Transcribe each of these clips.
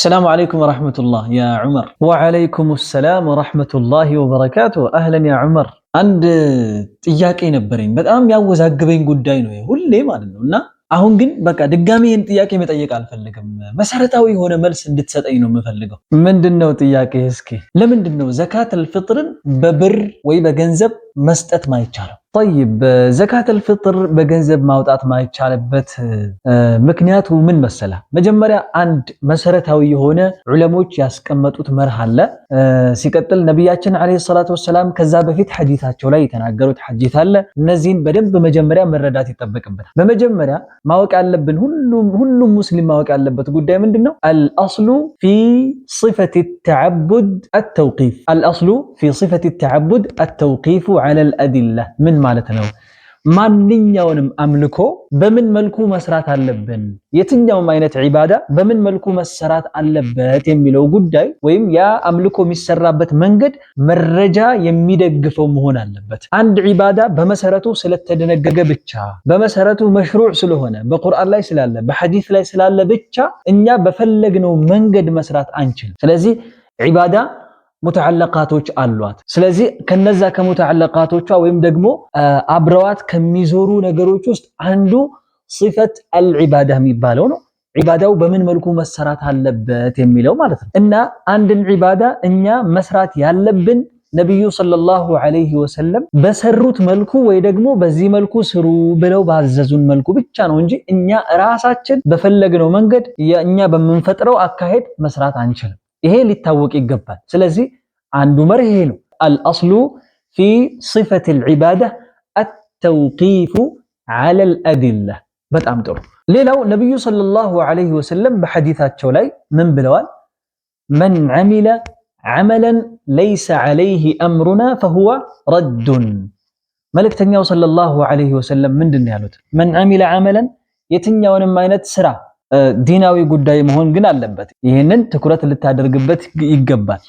አሰላሙ አለይኩም ወረሕመቱላህ ያ ዑመር። ወአለይኩም ሰላም ወረሕመቱላህ ወበረካቱ። አህለን ያ ዑመር። አንድ ጥያቄ ነበረኝ፣ በጣም ያወዛግበኝ ጉዳይ ነው ሁሌ ማለት ነው እና አሁን ግን በቃ ድጋሚ ይህን ጥያቄ መጠየቅ አልፈልግም። መሰረታዊ የሆነ መልስ እንድትሰጠኝ ነው የምፈልገው። ምንድን ነው ጥያቄ? እስኪ ለምንድን ነው ዘካተል ፊጥርን በብር ወይ በገንዘብ መስጠት ማይቻለው? ጠይብ ዘካተል ፍጥር በገንዘብ ማውጣት ማይቻልበት ምክንያቱ ምን መሰላ? መጀመሪያ አንድ መሰረታዊ የሆነ ዑለሞች ያስቀመጡት መርህ አለ። ሲቀጥል ነቢያችን ዓለይሂ ሰላቱ ወሰላም ከዛ በፊት ሐዲታቸው ላይ የተናገሩት ሐዲት አለ። እነዚህን በደንብ መጀመሪያ መረዳት ይጠበቅበታል። በመጀመሪያ ማወቅ ያለብን ሁሉም ሙስሊም ማወቅ ያለበት ጉዳይ ምንድን ነው? አልአስሉ ፊ ሲፈት ተዓቡድ አተውቂፍ አልአስሉ ፊ ሲፈት ተዓቡድ አተውቂፉ ዓለል አዲላ ምን ማለት ነው። ማንኛውንም አምልኮ በምን መልኩ መስራት አለብን፣ የትኛውም አይነት ዒባዳ በምን መልኩ መሰራት አለበት የሚለው ጉዳይ ወይም ያ አምልኮ የሚሰራበት መንገድ መረጃ የሚደግፈው መሆን አለበት። አንድ ዒባዳ በመሰረቱ ስለተደነገገ ብቻ በመሰረቱ መሽሩዕ ስለሆነ በቁርአን ላይ ስላለ በሐዲስ ላይ ስላለ ብቻ እኛ በፈለግነው መንገድ መስራት አንችልም። ስለዚህ ዒባዳ ሙተዓለቃቶች አሏት። ስለዚህ ከነዛ ከሙተዓለቃቶቿ ወይም ደግሞ አብረዋት ከሚዞሩ ነገሮች ውስጥ አንዱ ሲፈት አልዒባዳ የሚባለው ነው። ዒባዳው በምን መልኩ መሰራት አለበት የሚለው ማለት ነው። እና አንድን ዒባዳ እኛ መስራት ያለብን ነቢዩ ሰለላሁ ዐለይሂ ወሰለም በሰሩት መልኩ ወይ ደግሞ በዚህ መልኩ ስሩ ብለው ባዘዙን መልኩ ብቻ ነው እንጂ እኛ ራሳችን በፈለግነው መንገድ እኛ በምንፈጥረው አካሄድ መስራት አንችልም። ይሄ ሊታወቅ ይገባል። ስለዚህ አንዱ መርህ ይሄ ነው። አልአስሉ ፊ ሲፈት ልዕባዳ አተውቂፉ ዐለ ልአድላ። በጣም ጥሩ። ሌላው ነቢዩ ሰለላሁ ዐለይሂ ወሰለም በሐዲታቸው ላይ ምን ብለዋል? መን ዐሚለ ዐመለን ለይሰ ዐለይህ አምሩና ፈሁወ ረዱን። መልእክተኛው ሰለላሁ ዐለይሂ ወሰለም ምንድን ያሉት? መን ዐሚለ ዐመለን የትኛውንም አይነት ስራ ዲናዊ ጉዳይ መሆን ግን አለበት። ይህንን ትኩረት ልታደርግበት ይገባል።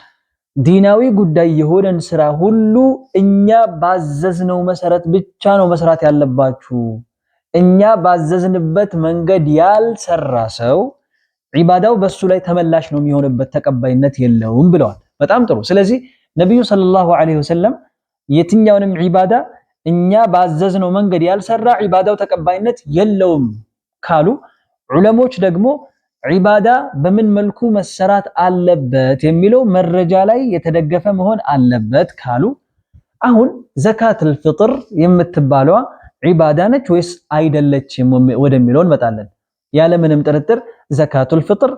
ዲናዊ ጉዳይ የሆነን ስራ ሁሉ እኛ ባዘዝነው መሰረት ብቻ ነው መስራት ያለባችሁ። እኛ ባዘዝንበት መንገድ ያልሰራ ሰው ዒባዳው በሱ ላይ ተመላሽ ነው የሚሆንበት፣ ተቀባይነት የለውም ብለዋል። በጣም ጥሩ። ስለዚህ ነቢዩ ሰለላሁ ዐለይሂ ወሰለም የትኛውንም ዒባዳ እኛ ባዘዝነው መንገድ ያልሰራ ዒባዳው ተቀባይነት የለውም ካሉ ዑለሞች ደግሞ ዒባዳ በምን መልኩ መሰራት አለበት የሚለው መረጃ ላይ የተደገፈ መሆን አለበት ካሉ አሁን ዘካተል ፊጥር የምትባለዋ ዒባዳ ነች ወይስ አይደለችም ወደሚለው እንመጣለን። ያለምንም ጥርጥር ዘካቱል ፊጥር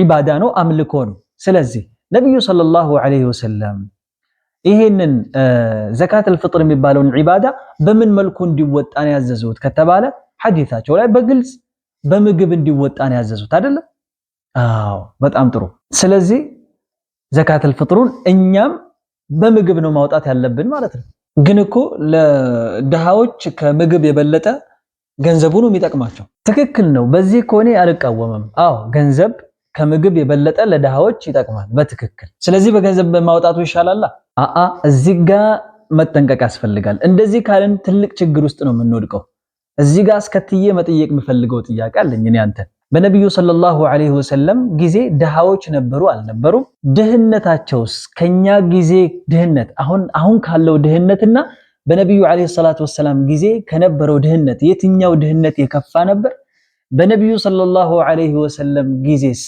ዒባዳ ነው፣ አምልኮ ነው። ስለዚህ ነቢዩ ሰለላሁ ዐለይሂ ወሰለም ይህንን ዘካተል ፊጥር የሚባለውን ዒባዳ በምን መልኩ እንዲወጣ ነው ያዘዙት ከተባለ ሐዲታቸው ላይ በግልጽ በምግብ እንዲወጣ ነው ያዘዙት አይደለ? አዎ፣ በጣም ጥሩ። ስለዚህ ዘካተል ፍጥሩን እኛም በምግብ ነው ማውጣት ያለብን ማለት ነው። ግን እኮ ለድሃዎች ከምግብ የበለጠ ገንዘቡ ነው የሚጠቅማቸው። ትክክል ነው። በዚህ ከሆነ አልቃወምም። አዎ፣ ገንዘብ ከምግብ የበለጠ ለድሃዎች ይጠቅማል በትክክል። ስለዚህ በገንዘብ ማውጣቱ ይሻላላ። አአ እዚህ ጋር መጠንቀቅ ያስፈልጋል። እንደዚህ ካልን ትልቅ ችግር ውስጥ ነው የምንወድቀው። እዚህ ጋር አስከትዬ መጠየቅ የምፈልገው ጥያቄ አለኝ እኔ አንተ በነቢዩ ሰለላሁ ዐለይሂ ወሰለም ጊዜ ድሃዎች ነበሩ አልነበሩም? ድህነታቸውስ ከኛ ጊዜ ድህነት አሁን አሁን ካለው ድህነትና በነቢዩ ዐለይሂ ሰላቱ ወሰላም ጊዜ ከነበረው ድህነት የትኛው ድህነት የከፋ ነበር? በነቢዩ ሰለላሁ ዐለይሂ ወሰለም ጊዜስ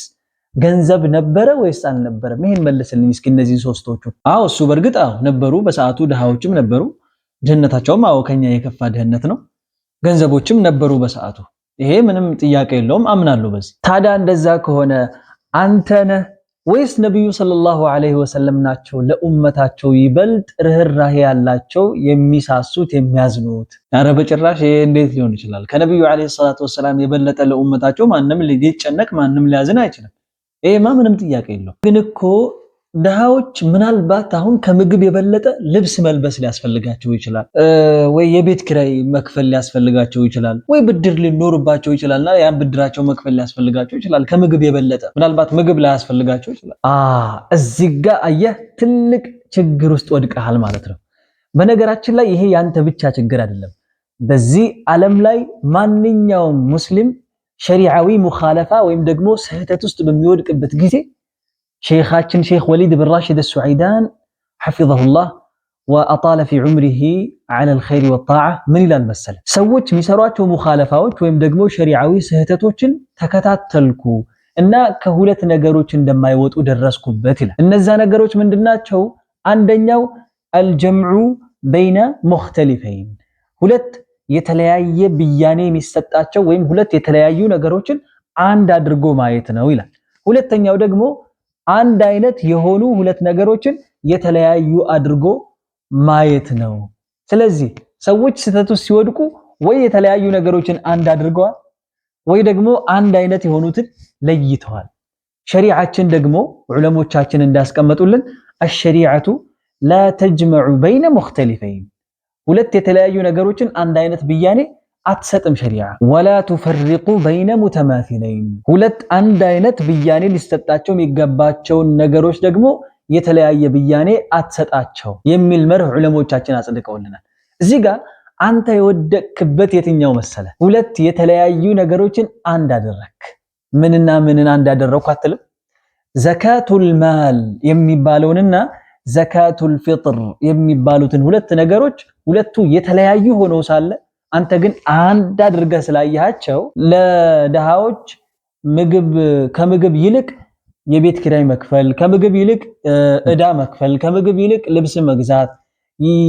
ገንዘብ ነበረ ወይስ አልነበረም? ይሄን መልስልኝ እስኪ እነዚህ ሶስቶቹ። አዎ እሱ በእርግጥ አዎ ነበሩ፣ በሰዓቱ ድሃዎችም ነበሩ። ድህነታቸውም አዎ ከኛ የከፋ ድህነት ነው። ገንዘቦችም ነበሩ በሰዓቱ። ይሄ ምንም ጥያቄ የለውም፣ አምናለሁ በዚህ። ታዲያ እንደዛ ከሆነ አንተነ ወይስ ነቢዩ ሰለላሁ ዐለይሂ ወሰለም ናቸው ለኡመታቸው ይበልጥ ርህራሄ ያላቸው የሚሳሱት የሚያዝኑት? ኧረ በጭራሽ ይሄ እንዴት ሊሆን ይችላል? ከነቢዩ ዐለይሂ ሰላቱ ወሰላም የበለጠ ለኡመታቸው ማንም ሊጨነቅ ማንም ሊያዝን አይችልም። ይሄማ ምንም ጥያቄ የለውም። ግን እኮ ድሃዎች ምናልባት አሁን ከምግብ የበለጠ ልብስ መልበስ ሊያስፈልጋቸው ይችላል፣ ወይ የቤት ኪራይ መክፈል ሊያስፈልጋቸው ይችላል፣ ወይ ብድር ሊኖርባቸው ይችላል እና ያን ብድራቸው መክፈል ሊያስፈልጋቸው ይችላል። ከምግብ የበለጠ ምናልባት ምግብ ላያስፈልጋቸው ይችላል። እዚህ ጋ አየህ፣ ትልቅ ችግር ውስጥ ወድቀሃል ማለት ነው። በነገራችን ላይ ይሄ ያንተ ብቻ ችግር አይደለም። በዚህ ዓለም ላይ ማንኛውም ሙስሊም ሸሪዓዊ ሙኻለፋ ወይም ደግሞ ስህተት ውስጥ በሚወድቅበት ጊዜ ሼኻችን ሼክ ወሊድ ብን ራሽድ ሱዐይዳን ሐፊዘሁላህ ወአጣለ ፊ ዑምሪሂ ዐለል ኸይሪ ወጣዓ ምን ይላል መሰለ፣ ሰዎች የሚሰሯቸው ሙኻለፋዎች ወይም ደግሞ ሸሪዓዊ ስህተቶችን ተከታተልኩ እና ከሁለት ነገሮች እንደማይወጡ ደረስኩበት ይላል። እነዛ ነገሮች ምንድናቸው? አንደኛው አልጀምዑ በይነ ሙኽተሊፈይን፣ ሁለት የተለያየ ብያኔ የሚሰጣቸው ወይም ሁለት የተለያዩ ነገሮችን አንድ አድርጎ ማየት ነው ይላል። ሁለተኛው ደግሞ አንድ አይነት የሆኑ ሁለት ነገሮችን የተለያዩ አድርጎ ማየት ነው። ስለዚህ ሰዎች ስህተቱ ሲወድቁ ወይ የተለያዩ ነገሮችን አንድ አድርገዋል ወይ ደግሞ አንድ አይነት የሆኑትን ለይተዋል። ሸሪዓችን ደግሞ ዑለሞቻችን እንዳስቀመጡልን አሸሪዓቱ ላ ተጅመዑ በይነ ሙክተሊፈይን ሁለት የተለያዩ ነገሮችን አንድ አይነት ብያኔ አትሰጥም ሸሪዓ። ወላ ቱፈሪቁ በይነ ሙተማሲለይን ሁለት አንድ አይነት ብያኔ ሊሰጣቸው የሚገባቸውን ነገሮች ደግሞ የተለያየ ብያኔ አትሰጣቸው የሚል መርህ ዑለሞቻችን አጽድቀውልናል። እዚህ ጋር አንተ የወደቅክበት የትኛው መሰለ? ሁለት የተለያዩ ነገሮችን አንድ አደረክ። ምንና ምንን አንድ አደረኩ አትልም? ዘካቱል ማል የሚባለውንና ዘካቱል ፊጥር የሚባሉትን ሁለት ነገሮች ሁለቱ የተለያዩ ሆነው ሳለ አንተ ግን አንድ አድርገህ ስላያቸው ለድሃዎች ምግብ ከምግብ ይልቅ የቤት ኪራይ መክፈል፣ ከምግብ ይልቅ እዳ መክፈል፣ ከምግብ ይልቅ ልብስ መግዛት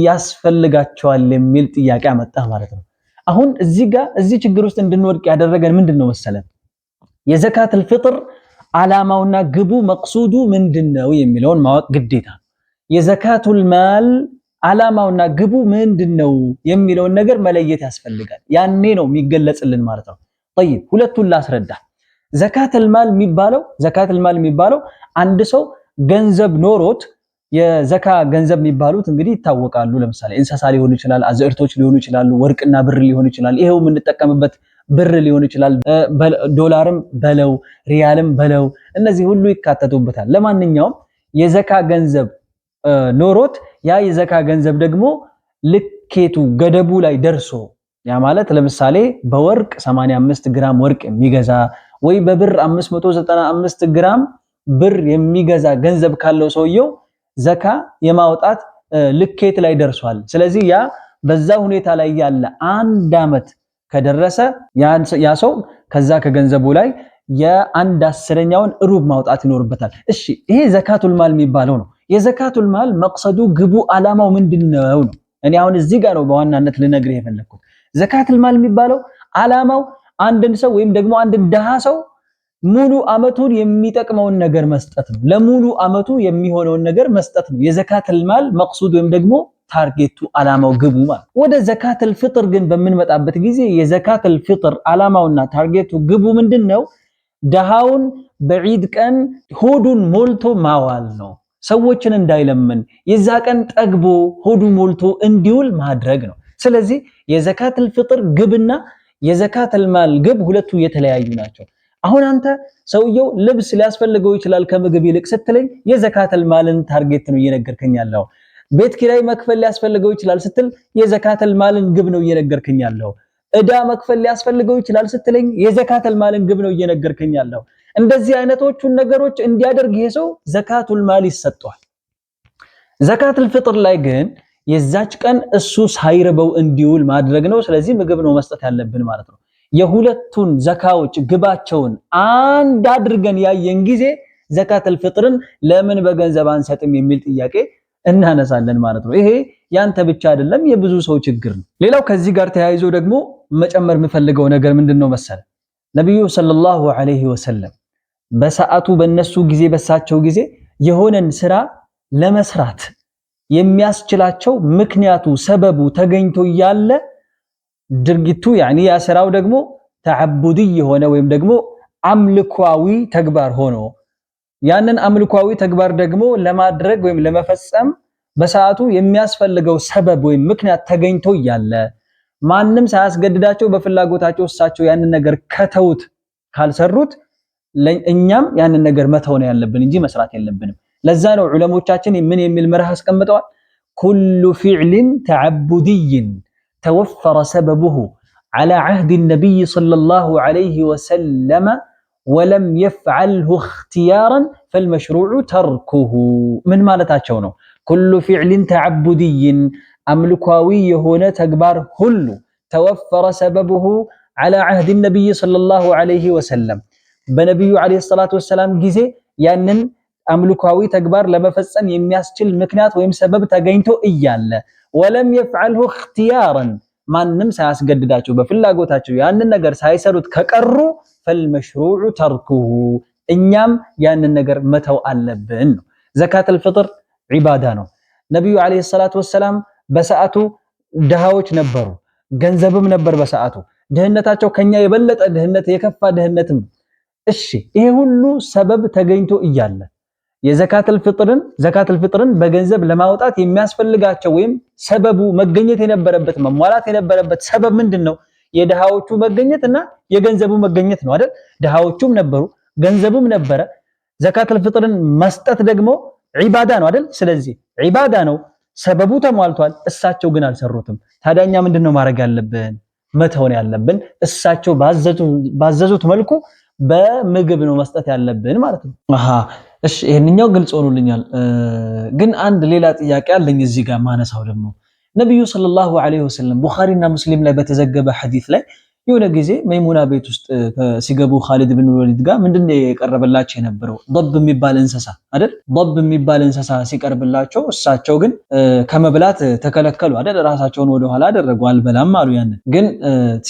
ያስፈልጋቸዋል የሚል ጥያቄ አመጣህ ማለት ነው። አሁን እዚህ ጋር እዚህ ችግር ውስጥ እንድንወድቅ ያደረገን ምንድን ነው መሰለን? የዘካተል አላማውና ግቡ መቅሱዱ ምንድን ነው የሚለውን ማወቅ ግዴታ ነው። የዘካቱል ማል አላማውና ግቡ ምንድን ነው የሚለውን ነገር መለየት ያስፈልጋል። ያኔ ነው የሚገለጽልን ማለት ነው። ጠይብ ሁለቱን ላስረዳ። ዘካተል ማል የሚባለው ዘካተል ማል የሚባለው አንድ ሰው ገንዘብ ኖሮት የዘካ ገንዘብ የሚባሉት እንግዲህ ይታወቃሉ። ለምሳሌ እንስሳ ሊሆን ይችላል፣ አዝዕርቶች ሊሆኑ ይችላሉ፣ ወርቅና ብር ሊሆን ይችላል። ይሄው የምንጠቀምበት ብር ሊሆን ይችላል፣ ዶላርም በለው ሪያልም በለው እነዚህ ሁሉ ይካተቱበታል። ለማንኛውም የዘካ ገንዘብ ኖሮት ያ የዘካ ገንዘብ ደግሞ ልኬቱ ገደቡ ላይ ደርሶ ያ ማለት ለምሳሌ በወርቅ 85 ግራም ወርቅ የሚገዛ ወይ በብር 595 ግራም ብር የሚገዛ ገንዘብ ካለው ሰውየው ዘካ የማውጣት ልኬት ላይ ደርሷል። ስለዚህ ያ በዛ ሁኔታ ላይ ያለ አንድ ዓመት ከደረሰ ያ ሰው ከዛ ከገንዘቡ ላይ የአንድ አስረኛውን እሩብ ማውጣት ይኖርበታል። እሺ ይሄ ዘካቱል ማል የሚባለው ነው። የዘካቱል ማል መቅሰዱ ግቡ አላማው ምንድነው ነው። እኔ አሁን እዚህ ጋር ነው በዋናነት ልነግርህ የፈለግኩት። ዘካቱል ማል የሚባለው አላማው አንድን ሰው ወይም ደግሞ አንድን ድሃ ሰው ሙሉ አመቱን የሚጠቅመውን ነገር መስጠት ነው። ለሙሉ አመቱ የሚሆነውን ነገር መስጠት ነው። የዘካቱል ማል መቅሱድ ወይም ደግሞ ታርጌቱ ዓላማው ግቡ ማለት። ወደ ዘካቱል ፊጥር ግን በምንመጣበት ጊዜ የዘካቱል ፊጥር ዓላማውና ታርጌቱ ግቡ ምንድነው? ድሃውን በዒድ ቀን ሆዱን ሞልቶ ማዋል ነው። ሰዎችን እንዳይለምን የዛ ቀን ጠግቦ ሆዱ ሞልቶ እንዲውል ማድረግ ነው። ስለዚህ የዘካተል ፍጥር ግብና የዘካተል ማል ግብ ሁለቱ የተለያዩ ናቸው። አሁን አንተ ሰውየው ልብስ ሊያስፈልገው ይችላል ከምግብ ይልቅ ስትለኝ የዘካተል ማልን ታርጌት ነው እየነገርከኝ ያለው። ቤት ኪራይ መክፈል ሊያስፈልገው ይችላል ስትል የዘካተል ማልን ግብ ነው እየነገርከኝ ያለው። እዳ መክፈል ሊያስፈልገው ይችላል ስትለኝ የዘካተል ማልን ግብ ነው እየነገርከኝ ያለው። እንደዚህ አይነቶቹን ነገሮች እንዲያደርግ ይሄ ሰው ዘካቱል ማል ይሰጠዋል። ዘካቱል ፍጥር ላይ ግን የዛች ቀን እሱ ሳይርበው እንዲውል ማድረግ ነው። ስለዚህ ምግብ ነው መስጠት ያለብን ማለት ነው። የሁለቱን ዘካዎች ግባቸውን አንድ አድርገን ያየን ጊዜ ዘካቱል ፍጥርን ለምን በገንዘብ አንሰጥም የሚል ጥያቄ እናነሳለን ማለት ነው። ይሄ ያንተ ብቻ አይደለም የብዙ ሰው ችግር ነው። ሌላው ከዚህ ጋር ተያይዞ ደግሞ መጨመር የምፈልገው ነገር ምንድን ነው መሰለ ነብዩ ሰለላሁ ዐለይሂ ወሰለም በሰዓቱ በነሱ ጊዜ በሳቸው ጊዜ የሆነን ስራ ለመስራት የሚያስችላቸው ምክንያቱ ሰበቡ ተገኝቶ እያለ ድርጊቱ ያኒ ያ ስራው ደግሞ ተዓቡዲ የሆነ ወይም ደግሞ አምልኳዊ ተግባር ሆኖ ያንን አምልኳዊ ተግባር ደግሞ ለማድረግ ወይም ለመፈጸም በሰዓቱ የሚያስፈልገው ሰበብ ወይም ምክንያት ተገኝቶ እያለ ማንም ሳያስገድዳቸው በፍላጎታቸው እሳቸው ያንን ነገር ከተውት ካልሰሩት እኛም ያንን ነገር መተው ነው ያለብን እንጂ መስራት የለብንም። ለዛ ነው ዑለሞቻችን ምን የሚል መርህ አስቀምጠዋል? ኩሉ ፊዕሊን ተዓቡድይን ተወፈረ ሰበብሁ ዓላ ዓህድ ነቢይ ሰለላሁ ዓለይሂ ወሰለመ ወለም የፍዓልሁ እኽትያረን ፈልመሽሩዑ ተርኩሁ። ምን ማለታቸው ነው? ኩሉ ፊዕሊን ተዓቡድይን አምልኳዊ የሆነ ተግባር ሁሉ ተወፈረ ሰበብሁ ዓላ ዓህድ ነቢይ ሰለላሁ ዓለይሂ ወሰለም በነቢዩ ዓለይሂ ሰላቱ ወሰላም ጊዜ ያንን አምልኳዊ ተግባር ለመፈጸም የሚያስችል ምክንያት ወይም ሰበብ ተገኝቶ እያለ ወለም የፍዐልሁ እኽትያረን ማንም ሳያስገድዳቸው በፍላጎታቸው ያንን ነገር ሳይሰሩት ከቀሩ ፈልመሽሩዑ ተርኩሁ እኛም ያንን ነገር መተው አለብን ነው። ዘካተል ፍጥር ዒባዳ ነው። ነቢዩ ዓለይሂ ሰላቱ ወሰላም በሰዓቱ ድሃዎች ነበሩ፣ ገንዘብም ነበር በሰዓቱ ድህነታቸው ከኛ የበለጠ ድህነት የከፋ ድህነትም እሺ ይሄ ሁሉ ሰበብ ተገኝቶ እያለ የዘካተል ፍጥርን ዘካተል ፍጥርን በገንዘብ ለማውጣት የሚያስፈልጋቸው ወይም ሰበቡ መገኘት የነበረበት መሟላት የነበረበት ሰበብ ምንድን ነው? የድሃዎቹ መገኘት እና የገንዘቡ መገኘት ነው አይደል? ድሃዎቹም ነበሩ፣ ገንዘቡም ነበረ። ዘካተል ፍጥርን መስጠት ደግሞ ዒባዳ ነው አይደል? ስለዚህ ዒባዳ ነው፣ ሰበቡ ተሟልቷል። እሳቸው ግን አልሰሩትም። ታዲያኛ ምንድነው ማድረግ ያለብን? መተውን ያለብን እሳቸው ባዘዙት መልኩ በምግብ ነው መስጠት ያለብን ማለት ነው። አሀ እሺ፣ ይሄንኛው ግልጽ ሆኖልኛል። ግን አንድ ሌላ ጥያቄ አለኝ እዚህ ጋር ማነሳው ደግሞ ነብዩ ሰለላሁ ዐለይሂ ወሰለም ቡኻሪና ሙስሊም ላይ በተዘገበ ሐዲስ ላይ የሆነ ጊዜ መይሙና ቤት ውስጥ ሲገቡ ኻሊድ ብን ወሊድ ጋር ምንድን የቀረበላቸው የነበረው ضب የሚባል እንስሳ አይደል? ضب የሚባል እንስሳ ሲቀርብላቸው እሳቸው ግን ከመብላት ተከለከሉ አይደል? ራሳቸውን ወደኋላ አደረጉ፣ አልበላም አሉ። ያንን ግን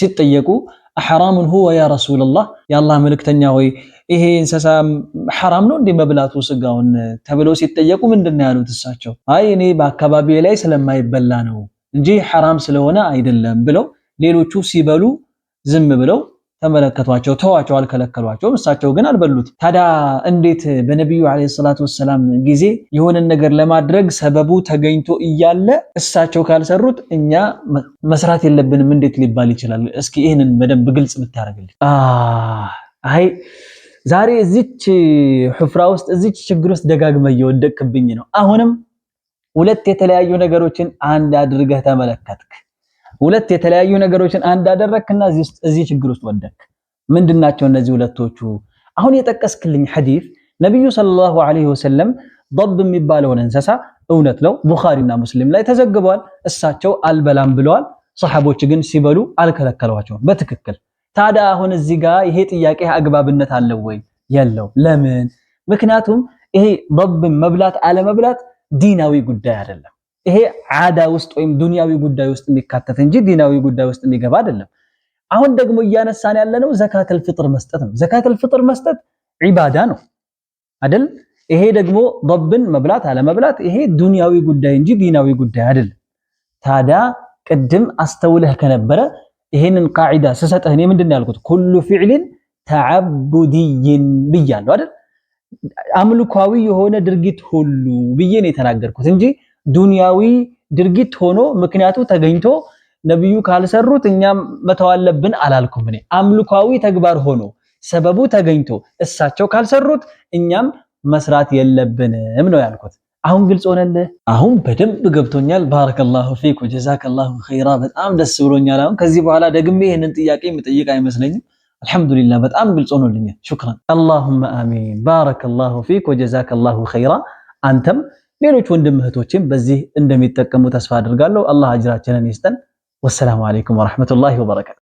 ሲጠየቁ አሐራሙን ሁወ ያ ረሱልላህ፣ የአላህ መልእክተኛ ሆይ ይሄ እንስሳ ሐራም ነው እንዴ መብላቱ ስጋውን ተብለው ሲጠየቁ ምንድን ነው ያሉት? እሳቸው አይ እኔ በአካባቢ ላይ ስለማይበላ ነው እንጂ ሐራም ስለሆነ አይደለም ብለው ሌሎቹ ሲበሉ ዝም ብለው ተመለከቷቸው፣ ተዋቸው፣ አልከለከሏቸውም። እሳቸው ግን አልበሉት። ታዲያ እንዴት በነቢዩ ዓለይሂ ሰላቱ ወሰላም ጊዜ የሆነን ነገር ለማድረግ ሰበቡ ተገኝቶ እያለ እሳቸው ካልሰሩት እኛ መስራት የለብንም እንዴት ሊባል ይችላል? እስኪ ይህንን በደንብ ግልጽ ብታደርግልኝ። አይ ዛሬ እዚች ሑፍራ ውስጥ እዚች ችግር ውስጥ ደጋግመ እየወደቅክብኝ ነው። አሁንም ሁለት የተለያዩ ነገሮችን አንድ አድርገህ ተመለከትክ። ሁለት የተለያዩ ነገሮችን አንድ አደረክና እዚህ ችግር ውስጥ ወደክ። ምንድናቸው እነዚህ ሁለቶቹ? አሁን የጠቀስክልኝ ሐዲስ ነቢዩ ሰለላሁ ዐለይሂ ወሰለም ضب የሚባለውን እንስሳ እውነት ነው ቡኻሪና ሙስሊም ላይ ተዘግቧል። እሳቸው አልበላም ብለዋል። ሰሐቦች ግን ሲበሉ አልከለከሏቸውም። በትክክል ታዲያ አሁን እዚህ ጋር ይሄ ጥያቄ አግባብነት አለው ወይ? የለው። ለምን? ምክንያቱም ይሄ ضብ መብላት አለመብላት ዲናዊ ጉዳይ አይደለም። ይሄ ዓዳ ውስጥ ወይም ዱንያዊ ጉዳይ ውስጥ የሚካተት እንጂ ዲናዊ ጉዳይ ውስጥ የሚገባ አይደለም። አሁን ደግሞ እያነሳን ያለነው ዘካተል ፍጥር መስጠት ነው። ዘካተል ፍጥር መስጠት ዒባዳ ነው አይደል? ይሄ ደግሞ በብን መብላት አለመብላት ይሄ ዱንያዊ ጉዳይ እንጂ ዲናዊ ጉዳይ አይደለም። ታዲያ ቅድም አስተውለህ ከነበረ ይሄንን ቃዒዳ ስሰጥህ እኔ ምንድን ነው ያልኩት? ኩሉ ፊዕሊን ተዓቡድይን ብያለሁ አይደል? አምልኳዊ የሆነ ድርጊት ሁሉ ብዬ ነው የተናገርኩት እንጂ ዱንያዊ ድርጊት ሆኖ ምክንያቱ ተገኝቶ ነብዩ ካልሰሩት እኛም መተው አለብን አላልኩም እኔ። አምልኳዊ ተግባር ሆኖ ሰበቡ ተገኝቶ እሳቸው ካልሰሩት እኛም መስራት የለብንም ነው ያልኩት። አሁን ግልጽ ሆነልህ? አሁን በደንብ ገብቶኛል። ባረከላሁ ፊክ ወጀዛከላሁ ኸይራ። በጣም ደስ ብሎኛል። አሁን ከዚህ በኋላ ደግሜ ይህንን ጥያቄ የምጠይቅ አይመስለኝም። አልሐምዱሊላህ በጣም ግልጽ ሆኖልኛል። ሹክራን። አላሁመ አሚን። ባረከላሁ ፊክ ወጀዛከላሁ ኸይራ አንተም ሌሎች ወንድም እህቶችም በዚህ እንደሚጠቀሙ ተስፋ አድርጋለሁ። አላህ አጅራችንን ይስጠን። ወሰላሙ አለይኩም ወረሕመቱላሂ ወበረካቱ።